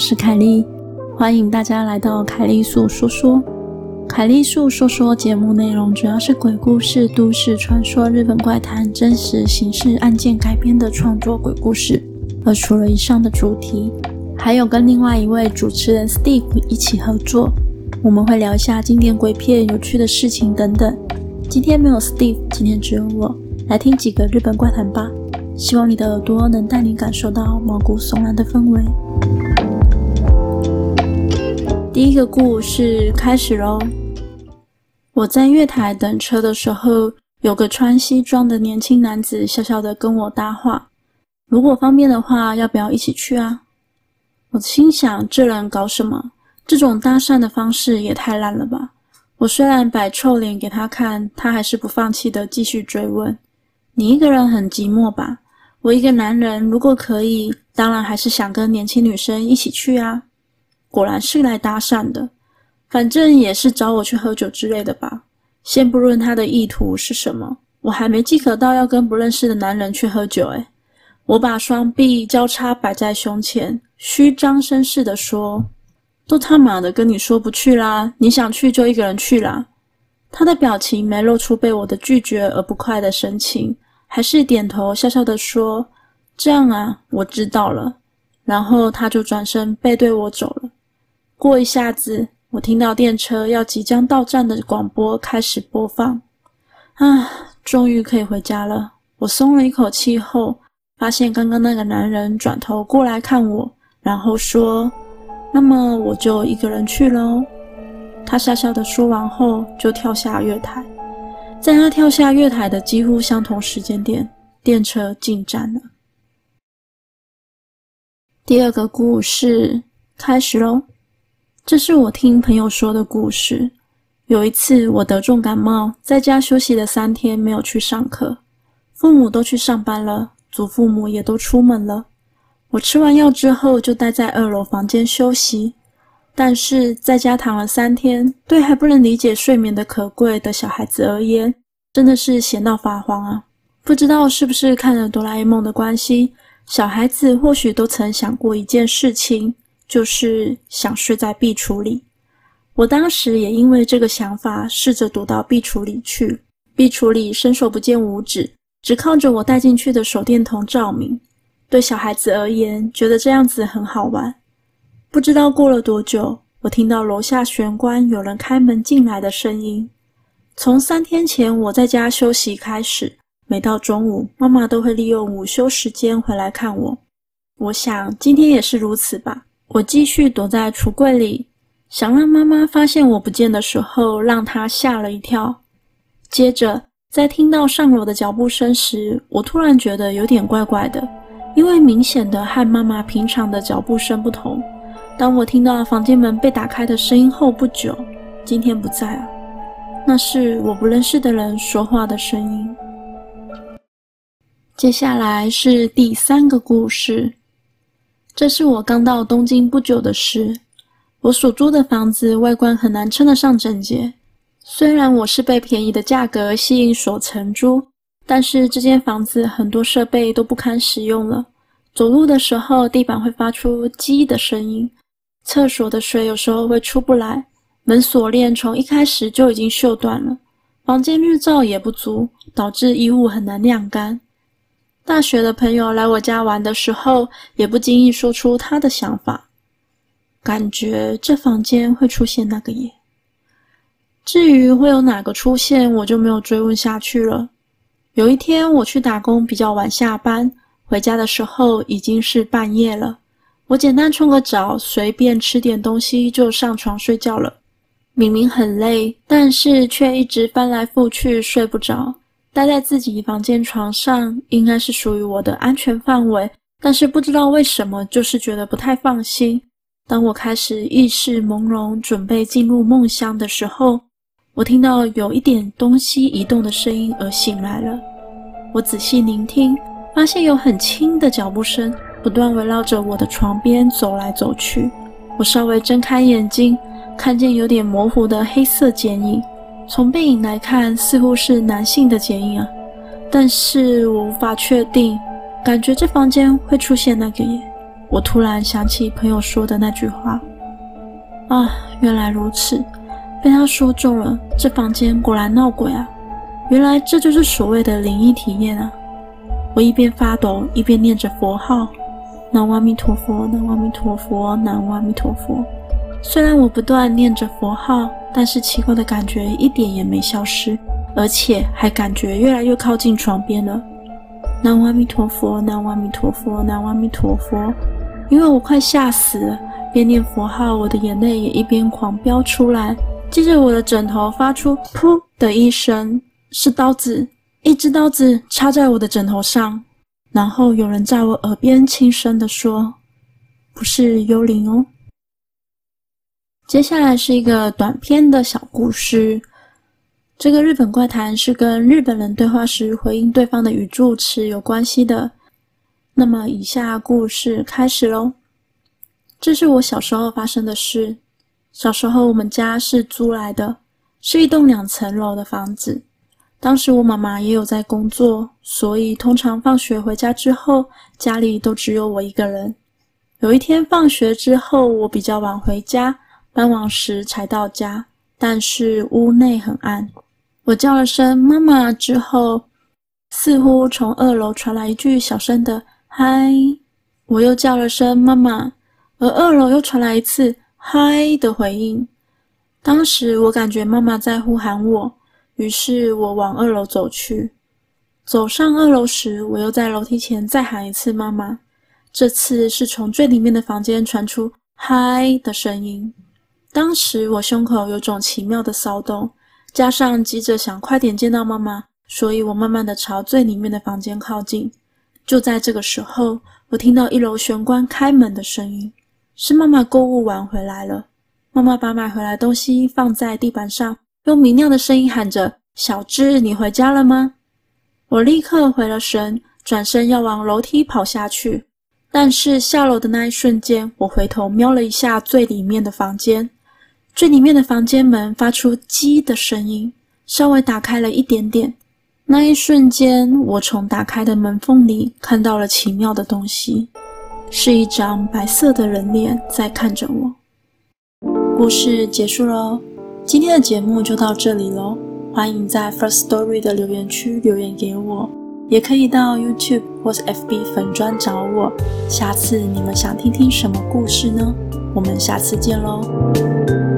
我是凱莉，歡迎大家來到凱莉粟說說。凱莉粟說說節目內容主要是鬼故事、都市傳說、日本怪談、真實刑事案件改編的創作鬼故事。而除了以上的主題，還有跟另外一位主持人 Steve 一起合作，我們會聊一下經典鬼片、有趣的事情等等。今天沒有 Steve，今天只有我，來聽幾個日本怪談吧。希望你的耳朵能帶你感受到毛骨悚然的氛圍。第一個故事開始嘍。我在月台等車的時候，有個穿西裝的年輕男子笑笑的跟我搭話：“如果方便的話，要不要一起去啊？”我心想，這人搞什麼？這種搭訕的方式也太爛了吧！我雖然擺臭臉給他看，他還是不放棄的繼續追問：“你一個人很寂寞吧？我一個男人，如果可以，當然還是想跟年輕女生一起去啊。”果然是來搭訕的，反正也是找我去喝酒之類的吧。先不論他的意圖是什麼，我還沒飢渴到要跟不認識的男人去喝酒，欸。哎，我把雙臂交叉擺在胸前，虛張聲勢地說：“都他媽的跟你說不去啦，你想去就一個人去啦。”他的表情沒露出被我的拒絕而不快的神情，還是點頭笑笑地說：“這樣啊，我知道了。”然後他就轉身背對我走了。過一下子，我聽到電車要即將到站的廣播開始播放。啊，終於可以回家了！我鬆了一口氣後，發現剛剛那個男人轉頭過來看我，然後說：“那麼我就一個人去咯。”他笑笑的說完後，就跳下月台。在他跳下月台的幾乎相同時間點，電車進站了。第二個故事開始咯。這是我聽朋友說的故事。有一次，我得重感冒，在家休息了三天，沒有去上課。父母都去上班了，祖父母也都出門了。我吃完藥之後，就待在二樓房間休息。但是，在家躺了三天，對還不能理解睡眠的可貴的小孩子而言，真的是閒到發慌啊！不知道是不是看了《哆啦 A 夢》的關係，小孩子或許都曾想過一件事情。就是想睡在壁櫥裡。我當時也因為這個想法，試着躲到壁櫥裡去。壁櫥裡伸手不見五指，只靠着我帶進去的手電筒照明。對小孩子而言，覺得這樣子很好玩。不知道過了多久，我聽到樓下玄關有人開門進來的聲音。從三天前我在家休息開始，每到中午，媽媽都會利用午休時間回來看我。我想今天也是如此吧。我繼續躲在櫥櫃裡，想讓媽媽發現我不見的時候，讓她嚇了一跳。接着，在聽到上樓的腳步聲時，我突然覺得有點怪怪的，因為明顯的和媽媽平常的腳步聲不同。當我聽到房間門被打開的聲音後不久，今天不在啊，那是我不認識的人說話的聲音。接下來是第三個故事。這是我剛到東京不久的事。我所租的房子外觀很難稱得上整潔。雖然我是被便宜的價格吸引所承租，但是這間房子很多設備都不堪使用了。走路的時候地板會發出“嘰”的聲音，廁所的水有時候會出不來，門鎖鏈從一開始就已經鏽斷了。房間日照也不足，導致衣物很難晾乾。大學的朋友來我家玩的時候，也不經意說出他的想法，感覺這房間會出現那個耶。至於會有哪個出現，我就沒有追問下去了。有一天我去打工比較晚下班，回家的時候已經是半夜了。我簡單沖個澡，隨便吃點東西就上床睡覺了。明明很累，但是卻一直翻來覆去睡不着。待在自己房間床上應該是屬於我的安全範圍，但是不知道為什麼，就是覺得不太放心。當我開始意識朦朧，準備進入夢鄉的時候，我聽到有一點東西移動的聲音而醒來了。我仔細聆聽，發現有很輕的腳步聲不斷圍繞着我的床邊走來走去。我稍微睜開眼睛，看見有點模糊的黑色剪影。從背影來看，似乎是男性的剪影啊，但是我無法確定，感覺這房間會出現那個耶。我突然想起朋友說的那句話，啊，原來如此，被他說中了，這房間果然鬧鬼啊！原來這就是所謂的靈異體驗啊！我一邊發抖一邊念着佛號，南無阿彌陀佛，南無阿彌陀佛，南無阿彌陀佛。雖然我不斷念着佛號。但是奇怪的感覺一點也沒消失，而且還感覺越來越靠近床邊了。南無阿彌陀佛，南無阿彌陀佛，南無阿彌陀佛。因為我快嚇死了，邊念佛號，我的眼淚也一邊狂飆出來。接着我的枕頭發出“噗”的一聲，是刀子，一隻刀子插在我的枕頭上。然後有人在我耳邊輕聲地說：“不是幽靈哦。”接下來是一個短篇的小故事。這個日本怪談是跟日本人對話時回應對方的語助詞有關係的。那麼，以下故事開始嘍。這是我小時候發生的事。小時候，我們家是租來的，是一棟兩層樓的房子。當時我媽媽也有在工作，所以通常放學回家之後，家裡都只有我一個人。有一天放學之後，我比較晚回家。傍晚時才到家，但是屋內很暗。我叫了聲“媽媽”之後，似乎從二樓傳來一句小聲的“嗨”。我又叫了聲“媽媽”，而二樓又傳來一次“嗨”的回應。當時我感覺媽媽在呼喊我，於是我往二樓走去。走上二樓時，我又在樓梯前再喊一次“媽媽”，這次是從最裡面的房間傳出“嗨”的聲音。當時我胸口有種奇妙的騷動，加上急着想快點見到媽媽，所以我慢慢的朝最裡面的房間靠近。就在這個時候，我聽到一樓玄關開門的聲音，是媽媽購物完回來了。媽媽把買回來東西放在地板上，用明亮的聲音喊着：“小智，你回家了嗎？”我立刻回了神，轉身要往樓梯跑下去。但是下樓的那一瞬間，我回頭瞄了一下最裡面的房間。最裡面的房間門發出“嘰”的聲音，稍微打開了一點點。那一瞬間，我從打開的門縫裡看到了奇妙的東西，是一張白色的人臉在看着我。故事結束嘍，今天的節目就到這裡嘍。歡迎在 Firstory 的留言區留言給我，也可以到 YouTube 或是 FB 粉專找我。下次你們想聽聽什麼故事呢？我們下次見嘍。